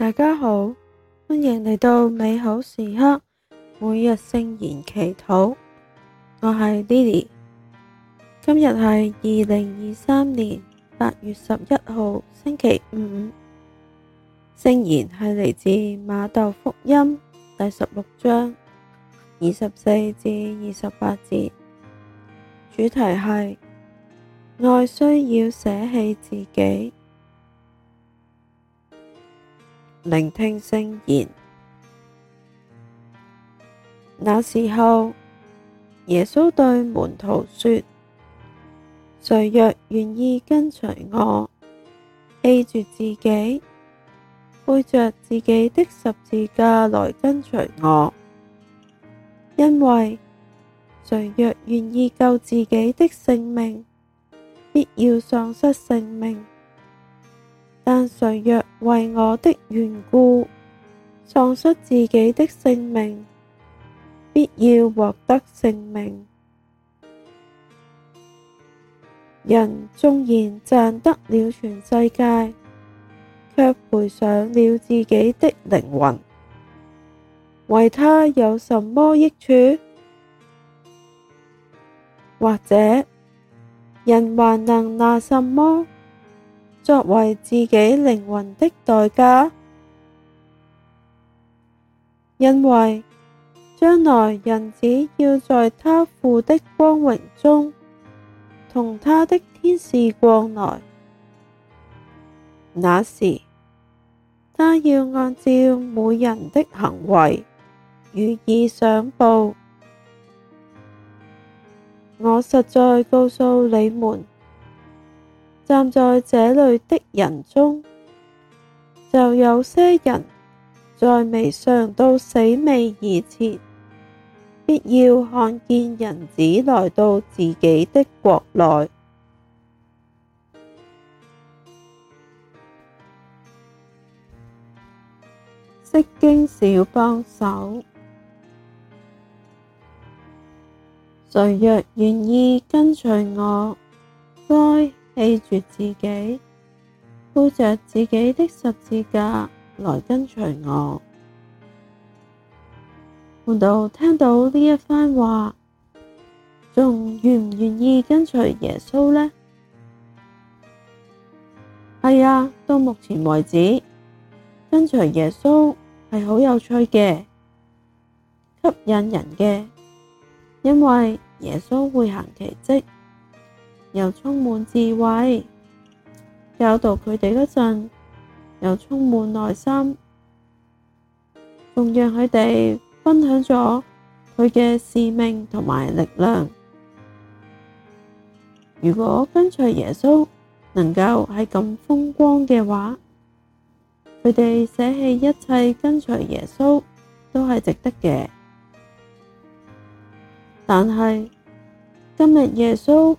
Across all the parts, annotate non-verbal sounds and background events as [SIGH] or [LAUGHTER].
大家好，歡迎嚟到美好時刻每日聖言祈禱，我係 Lily，今日係二零二三年八月十一號星期五，聖言係嚟自馬竇福音第十六章二十四至二十八節，主題係愛需要捨棄自己。聆聽聖言。那時候，耶穌對門徒說：誰若願意跟隨我，棄絕自己，背着自己的十字架來跟隨我，因為誰若願意救自己的性命，必要喪失性命。但誰若為我的緣故，喪失自己的性命，必要獲得性命。人縱然賺得了全世界，卻賠上了自己的靈魂，為他有什麼益處？或者人還能拿什麼？作為自己靈魂的代價，因為將來人子要在他父的光榮中同他的天使降來，那時他要按照每人的行為予以賞報。我實在告訴你們。站在這裡的人中，就有些人在未嚐到死味以前，必要看見人子來到自己的國內。釋經小幫手，誰若願意跟隨我，該。棄絕自己，背着自己的十字架來跟隨我。門徒聽到呢一番話，仲願唔願意跟隨耶穌呢？係啊，到目前為止，跟隨耶穌係好有趣嘅，吸引人嘅，因為耶穌會行奇蹟。又充滿智慧，教導佢哋嗰陣，又充滿耐心，仲讓佢哋分享咗佢嘅使命同埋力量。如果跟隨耶穌能夠係咁風光嘅話，佢哋捨棄一切跟隨耶穌都係值得嘅。但係今日耶穌，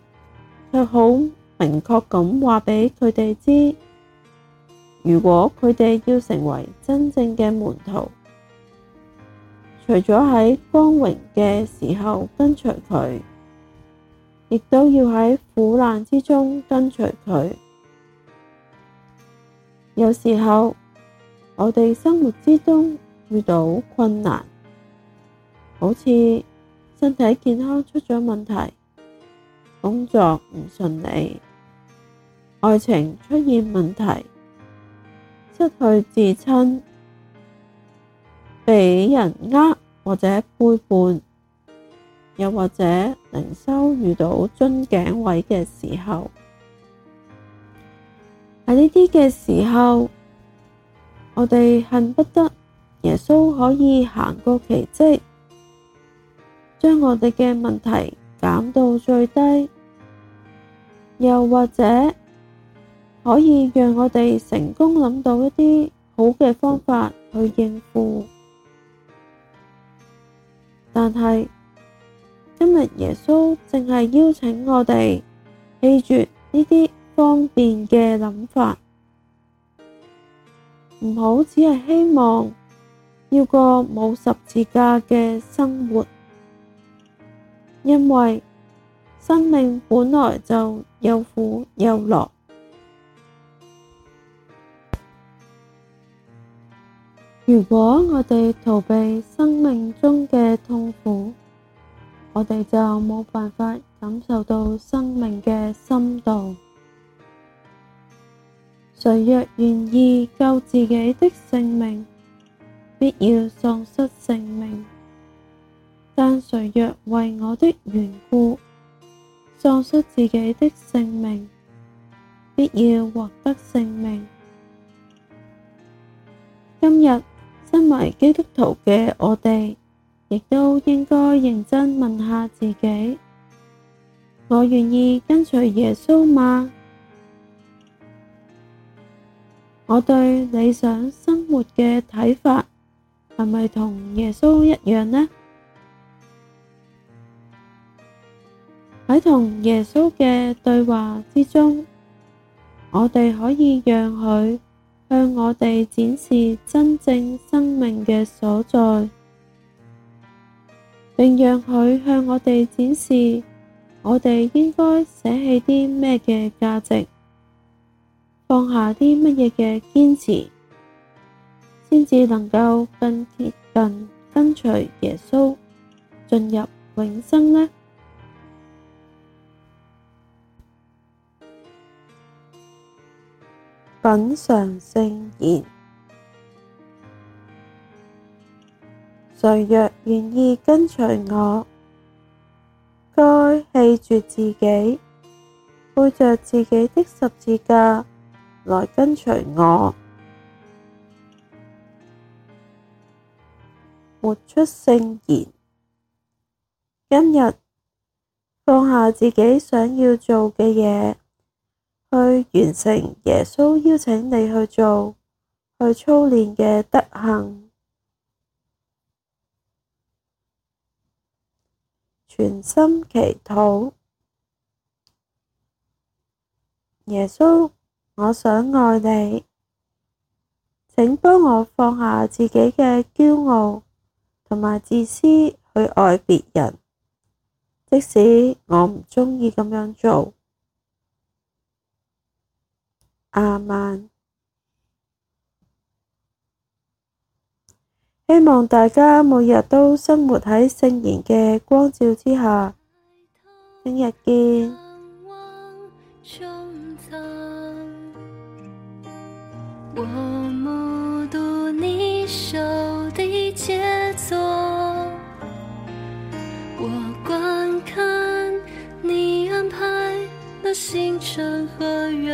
卻好明確咁話畀佢哋知，如果佢哋要成為真正嘅門徒，除咗喺光榮嘅時候跟隨佢，亦都要喺苦難之中跟隨佢。有時候我哋生活之中遇到困難，好似身體健康出咗問題。工作唔順利，愛情出現問題，失去至親，俾人呃或者背叛，又或者靈修遇到樽頸位嘅時候，喺呢啲嘅時候，我哋恨不得耶穌可以行過奇蹟，將我哋嘅問題減到最低。又或者可以讓我哋成功諗到一啲好嘅方法去應付，但係今日耶穌淨係邀請我哋棄絕呢啲方便嘅諗法，唔好只係希望要個冇十字架嘅生活，因為。生命本來就有苦有樂。如果我哋逃避生命中嘅痛苦,我哋就冇辦法感受到生命嘅深度。誰若願意救自己的性命,必要喪失性命,但誰若為我的緣故,喪失自己的性命，必要獲得性命。今日身為基督徒嘅我哋，亦都應該認真問下自己：我願意跟隨耶穌嗎？我對理想生活嘅睇法，係咪同耶穌一樣呢？喺同耶穌嘅對話之中，我哋可以讓佢向我哋展示真正生命嘅所在，並讓佢向我哋展示我哋應該捨棄啲咩嘅價值，放下啲乜嘢嘅堅持，先至能夠更貼近跟隨耶穌，進入永生呢？品嘗聖言，誰若願意跟隨我，該棄絕自己，背着自己的十字架來跟隨我，活出聖言。今日放下自己想要做嘅嘢。去完成耶穌邀請你去做、去操練嘅德行，全心祈禱。耶穌，我想愛你，請幫我放下自己嘅驕傲同埋自私，去愛別人，即使我唔鍾意咁樣做。阿曼，希望大家每日都生活喺聖言嘅光照之下。聽日見。 [MUSIC]